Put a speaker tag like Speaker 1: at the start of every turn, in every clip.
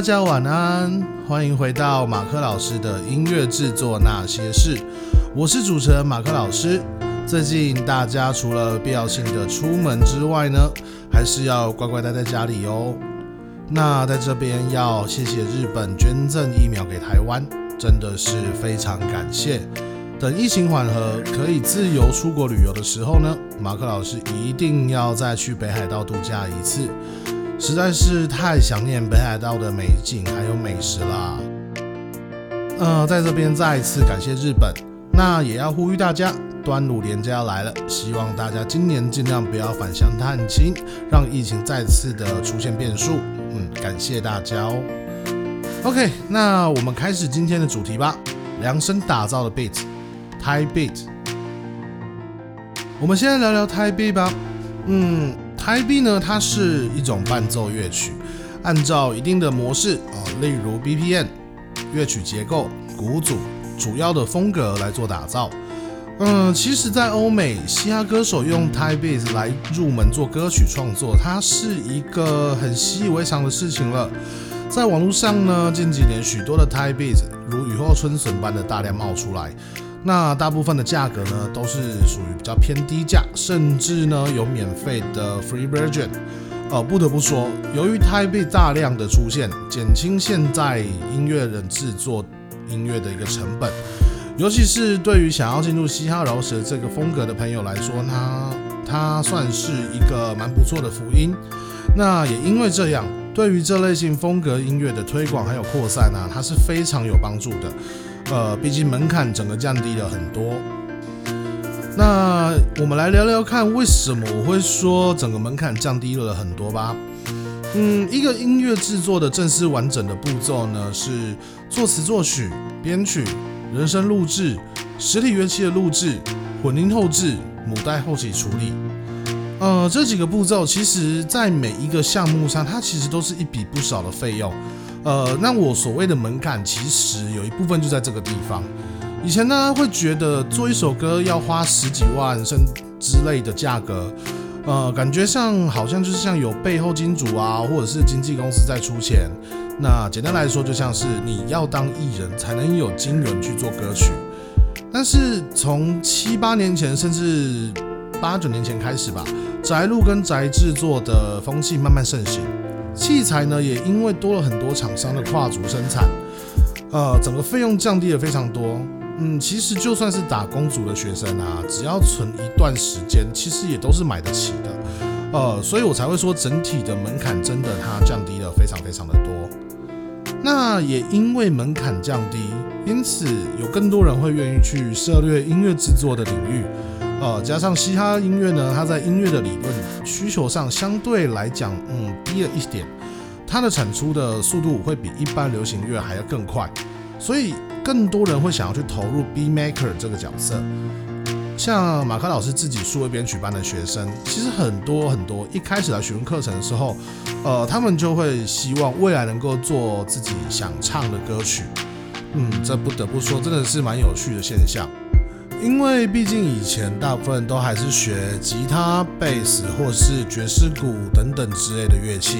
Speaker 1: 大家晚安，歡迎回到馬克老師的音樂製作那些事。我是主持人馬克老師。最近大家除了必要性的出門之外呢，還是要乖乖待在家裡哦。那在這邊要謝謝日本捐贈疫苗給台灣，真的是非常感謝。等疫情緩和，可以自由出國旅遊的時候呢，馬克老師一定要再去北海道度假一次。實在是太想念北海道的美景還有美食啦、啊！呃，在這邊再一次感謝日本，那也要呼籲大家，端午連假要來了，希望大家今年盡量不要返鄉探親，讓疫情再次的出現變數。嗯，感謝大家哦。OK，那我們開始今天的主題吧，量身打造的 Beat，Type Beat。我們先來聊聊 Type Beat 吧。嗯。Type Beat 呢，它是一種伴奏樂曲，按照一定的模式啊、呃，例如 BPM 樂曲結構、鼓組、主要的風格來做打造。嗯，其實在，在歐美嘻哈歌手用 Type Beats 來入門做歌曲創作，它是一個很習以為常的事情了。在網絡上呢，近幾年許多的 Type Beats 如雨後春筍般的大量冒出來。那大部分的價格呢，都是屬於比較偏低價，甚至呢有免費的 free version。呃，不得不說，由於 Type Beat 大量的出現，減輕現在音樂人制作音樂的一個成本，尤其是對於想要進入嘻哈饒舌這個風格的朋友來說呢，它算是一個蠻不錯的福音。那也因為這樣，對於這類型風格音樂的推廣還有擴散呢，啊，它是非常有幫助的。呃，畢竟門檻整個降低了很多。那我們來聊聊看，為什麼我會說整個門檻降低了很多吧？嗯，一個音樂製作的正式完整的步驟呢，是作詞作曲、編曲、人聲錄製、實體樂器的錄製、混音後製、母帶後期處理。呃，這幾個步驟，其實在每一個項目上，它其實都是一筆不少的費用。呃，那我所謂的門檻其實有一部分就在這個地方。以前呢，會覺得做一首歌要花十幾萬甚至之類的價格，呃，感覺像好像就是像有背後金主啊，或者是經紀公司在出錢。那簡單來說，就像是你要當藝人才能有金援去做歌曲。但是從七八年前甚至八九年前開始吧，宅錄跟宅製作的風氣慢慢盛行。器材呢，也因為多了很多廠商的跨足生產，呃，整個費用降低了非常多。嗯，其實就算是打工族的學生啊，只要存一段時間，其實也都是買得起的。呃，所以我才會說，整體的門檻真的它降低了非常非常的多。那也因為門檻降低，因此有更多人會願意去涉獵音樂製作的領域。呃，加上嘻哈音樂呢，它在音樂的理論需求上相對來講，嗯，低了一點，它的產出的速度會比一般流行樂還要更快，所以更多人會想要去投入 B maker 這個角色。像馬克老師自己數位編曲班的學生，其實很多很多一開始來詢問課程的時候，呃，他們就會希望未來能夠做自己想唱的歌曲，嗯，這不得不說真的是蠻有趣的現象。因為畢竟以前大部分都還是學吉他、貝斯或是爵士鼓等等之類的樂器，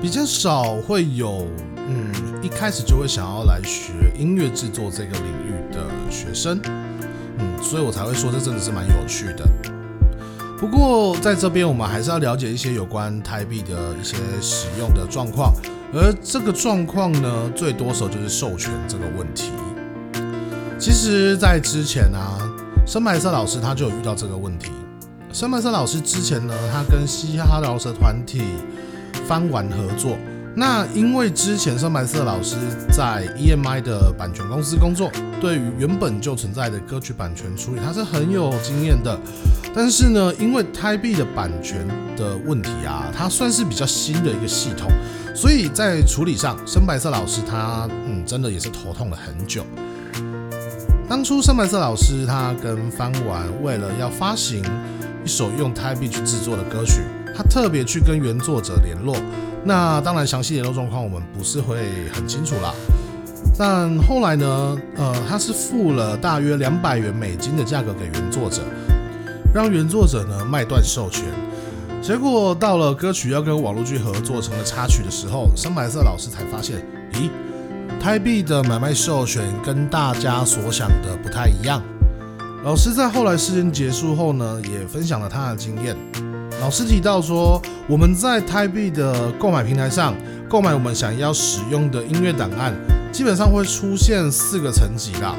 Speaker 1: 比較少會有嗯一開始就會想要來學音樂製作這個領域的學生，嗯，所以我才會說，這真的是蠻有趣的。不過在這邊我們還是要了解一些有關 Type Beat 的一些使用的狀況，而這個狀況呢，最多時候就是授權這個問題。其實，在之前啊，深白色老師他就有遇到這個問題。深白色老師之前呢，他跟嘻哈饒舌團體翻玩合作。那因為之前深白色老師在 EMI 的版權公司工作，對於原本就存在的歌曲版權處理，他是很有經驗的。但是呢，因為 Type Beat 的版權的問題啊，它算是比較新的一個系統，所以在處理上，深白色老師他嗯，真的也是頭痛了很久。當初深白色老師他跟番完為了要發行一首用 Type Beat 去制作的歌曲，他特別去跟原作者聯絡。那當然詳細聯絡狀況我們不是會很清楚啦。但後來呢，呃，他是付了大約兩百元美金的價格給原作者，讓原作者呢賣斷授權。結果到了歌曲要跟網絡劇合作成了插曲的時候，深白色老師才發現，咦？Type Beat 的買賣授權跟大家所想的不太一樣。老師在後來事情結束後呢，也分享了他的經驗。老師提到說，我們在 Type Beat 的購買平台上購買我們想要使用的音樂檔案，基本上會出現四個層級的。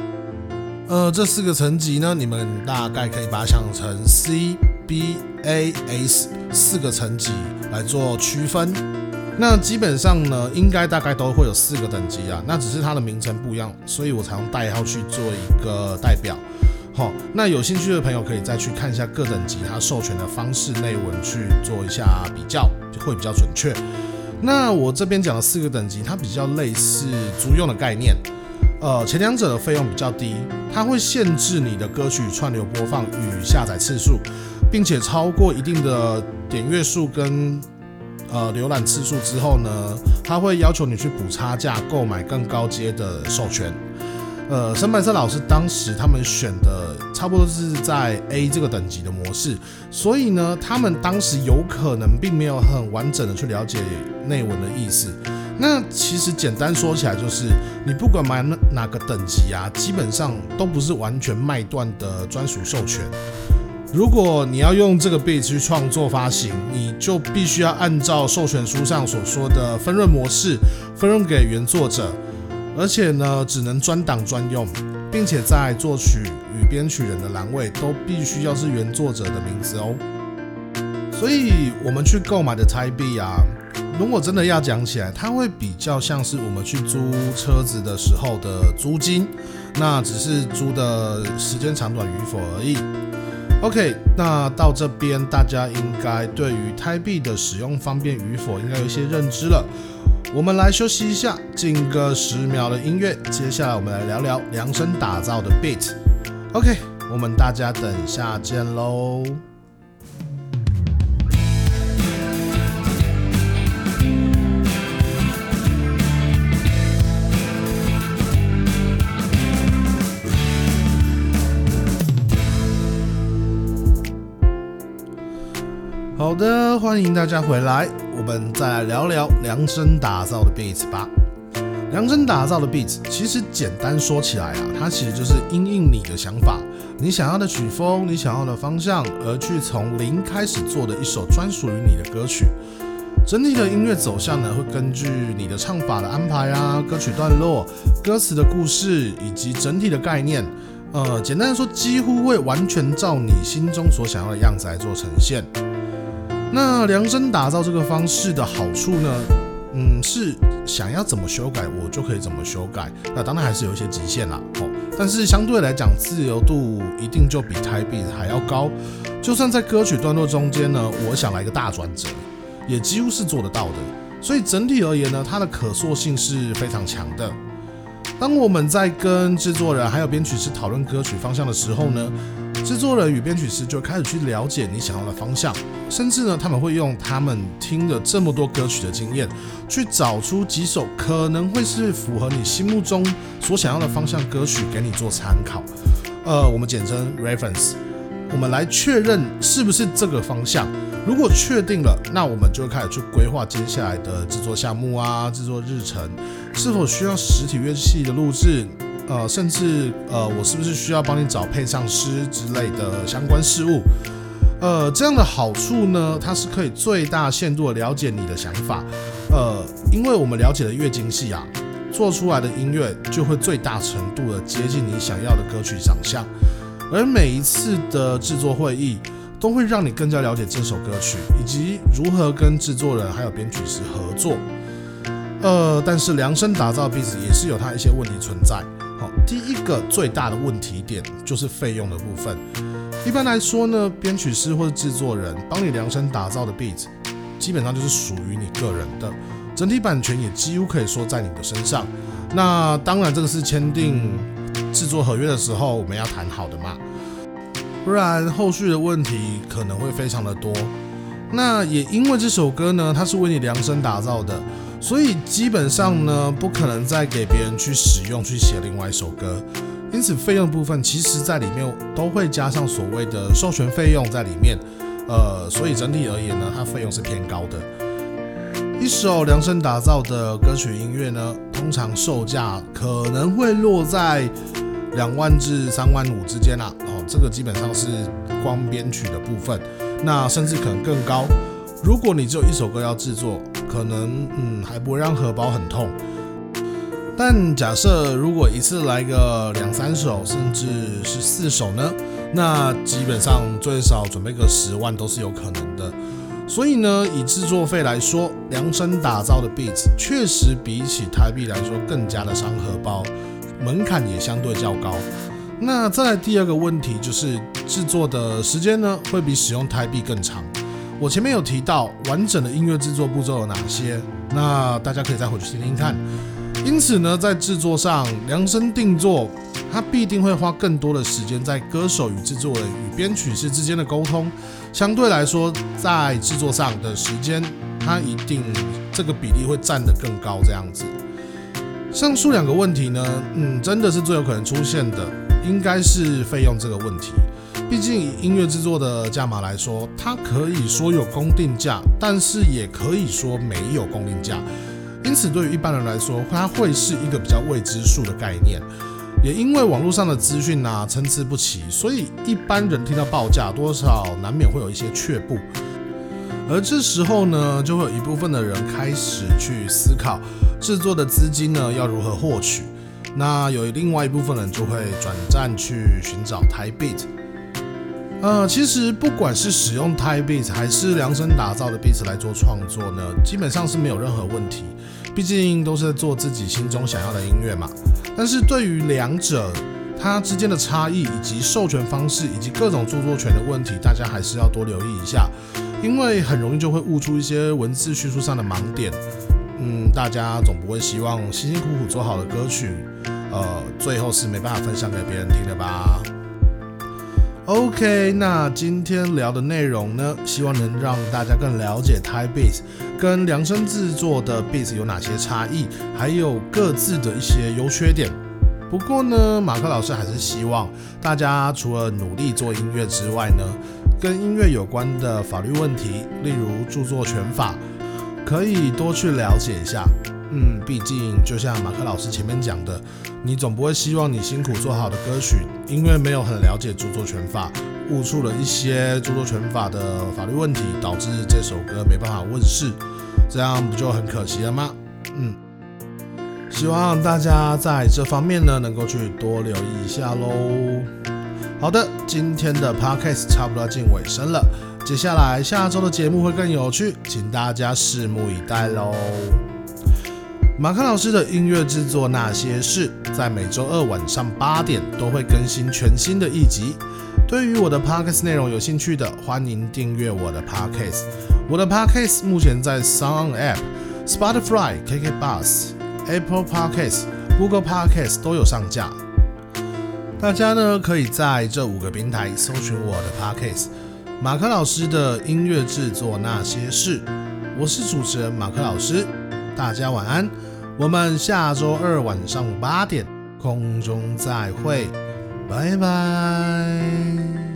Speaker 1: 呃，這四個層級呢，你們大概可以把它想成 C B A S 四個層級來做區分。那基本上呢，應該大概都會有四個等級啊，那只是它的名稱不一樣，所以我採用代號去做一個代表。好、哦，那有興趣的朋友可以再去看一下各等級它授權的方式內文去做一下比較，就會比較準確。那我這邊講的四個等級，它比較類似租用的概念。呃，前兩者的費用比較低，它會限制你的歌曲串流播放與下載次數，並且超過一定的點閱數跟。呃，瀏覽次數之後呢，他會要求你去補差價購買更高階的授權。呃，深白色老師當時他們選的差不多是在 A 這個等級的模式，所以呢，他們當時有可能並沒有很完整的去了解內文的意思。那其實簡單說起來，就是你不管買哪個等級啊，基本上都不是完全賣斷的專屬授權。如果你要用這個 Beat 去創作發行，你就必須要按照授權書上所說的分潤模式分潤給原作者，而且呢，只能專檔專用，並且在作曲與編曲人的欄位都必須要是原作者的名字哦。所以，我們去購買的 Type Beat 啊，如果真的要講起來，它會比較像是我們去租車子的時候的租金，那只是租的時間長短與否而已。OK，那到這邊大家應該對於 Type Beat 的使用方便與否應該有一些認知了。我們來休息一下，進個十秒的音樂。接下來我們來聊聊量身打造的 Beat。OK，我們大家等一下見嘍。好的，歡迎大家回來。我們再來聊聊量身打造的 Beats 吧。量身打造的 Beats 其實簡單說起來啊，它其實就是因應你的想法，你想要的曲風，你想要的方向，而去從零開始做的一首專屬於你的歌曲。整體的音樂走向呢，會根據你的唱法的安排啊，歌曲段落、歌詞的故事以及整體的概念，呃，簡單說，幾乎會完全照你心中所想要的樣子來做呈現。那量身打造這個方式的好處呢，嗯，是想要怎麼修改，我就可以怎麼修改。那當然還是有一些極限啦。哦，但是相對來講自由度一定就比 Type Beat 還要高。就算在歌曲段落中間呢，我想來一個大轉折，也幾乎是做得到的。所以整體而言呢，它的可塑性是非常強的。當我們在跟製作人還有編曲師討論歌曲方向的時候呢，製作人與編曲師就開始去了解你想要的方向，甚至呢，他們會用他們聽了這麼多歌曲的經驗，去找出幾首可能會是符合你心目中所想要的方向歌曲給你做參考。呃，我們簡稱 reference，我們來確認是不是這個方向。如果確定了，那我們就會開始去規劃接下來的製作項目啊，製作日程，是否需要實體樂器的錄製。呃，甚至呃，我是不是需要幫你找配唱師之類的相關事務？呃，這樣的好處呢，它是可以最大限度地了解你的想法。呃，因為我們了解的越精細啊，做出來的音樂就會最大程度地接近你想要的歌曲長相。而每一次的制作會議都會讓你更加了解這首歌曲以及如何跟制作人還有編曲師合作。呃，但是量身打造 Beat 也是有它一些問題存在。第一個最大的問題點就是費用的部分。一般來說呢，編曲師或者制作人幫你量身打造的 beat，基本上就是屬於你個人的，整體版權也幾乎可以說在你的身上。那當然，這個是簽訂制作合約的時候我們要談好的嘛，不然後續的問題可能會非常的多。那也因為這首歌呢，它是為你量身打造的。所以基本上呢，不可能再給別人去使用去寫另外一首歌，因此費用的部分其實在裡面都會加上所謂的授權費用在裡面，呃，所以整體而言呢，它費用是偏高的。一首量身打造的歌曲音樂呢，通常售價可能會落在兩萬至三萬五之間啦。哦，這個基本上是光編曲的部分，那甚至可能更高。如果你只有一首歌要制作。可能嗯，還不會讓荷包很痛，但假設如果一次來個兩三首，甚至是四首呢，那基本上最少準備個十萬都是有可能的。所以呢，以制作費來說，量身打造的 Beats 確實比起 Type Beat 來說更加的傷荷包，門檻也相對較高。那再來第二個問題就是製作的時間呢，會比使用 Type Beat 更長。我前面有提到完整的音樂制作步驟有哪些，那大家可以再回去聽聽看。因此呢，在制作上量身定做，它必定會花更多的時間在歌手與制作人與編曲師之間的溝通。相對來說，在制作上的時間，它一定這個比例會占得更高。這樣子，上述兩個問題呢，嗯，真的是最有可能出現的，應該是費用這個問題。畢竟，以音樂制作的價碼來說，它可以說有公定價，但是也可以說沒有公定價。因此，對於一般人來說，它會是一個比較未知數的概念。也因為網絡上的資訊啊參差不齊，所以一般人聽到報價，多少難免會有一些卻步。而這時候呢，就會有一部分的人開始去思考制作的資金呢要如何獲取。那有另外一部分人就會轉戰去尋找 Type Beat。呃，其實不管是使用 Type Beat 還是量身打造的 Beat 來做創作呢，基本上是沒有任何問題，畢竟都是在做自己心中想要的音樂嘛。但是對於兩者它之間的差異，以及授權方式，以及各種著作權的問題，大家還是要多留意一下，因為很容易就會悟出一些文字敘述上的盲點。嗯，大家總不會希望辛辛苦苦做好的歌曲，呃，最後是沒辦法分享給別人聽的吧？OK，那今天聊的內容呢，希望能讓大家更了解 Type Beats 跟量身制作的 Beats 有哪些差異，還有各自的一些優缺點。不過呢，馬克老師還是希望大家除了努力做音樂之外呢，跟音樂有關的法律問題，例如著作權法。可以多去了解一下，嗯，畢竟就像馬克老師前面講的，你總不會希望你辛苦做好的歌曲，因為沒有很了解著作權法，誤觸了一些著作權法的法律問題，導致這首歌沒辦法問世，這樣不就很可惜了嗎？嗯，希望大家在這方面呢能夠去多留意一下嘍。好的，今天的 Podcast 差不多要進尾聲了。接下來下週的節目會更有趣，請大家拭目以待嘍。馬克老師的音樂製作那些事，在每週二晚上八點都會更新全新的一集。對於我的 podcast 內容有興趣的，歡迎訂閱我的 podcast。我的 podcast 目前在 Sound App、Spotify、KK Bus、Apple Podcast、Google Podcast 都有上架，大家呢可以在這五個平台搜尋我的 podcast。馬克老師的音樂製作那些事，我是主持人馬克老師，大家晚安，我們下周二晚上八點空中再會，拜拜。